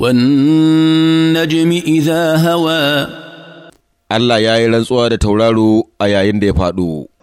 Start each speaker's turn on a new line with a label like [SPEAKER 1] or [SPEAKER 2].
[SPEAKER 1] والنجم إذا هوى الله يا rantsuwa da tauraro a yayin da ya faɗo.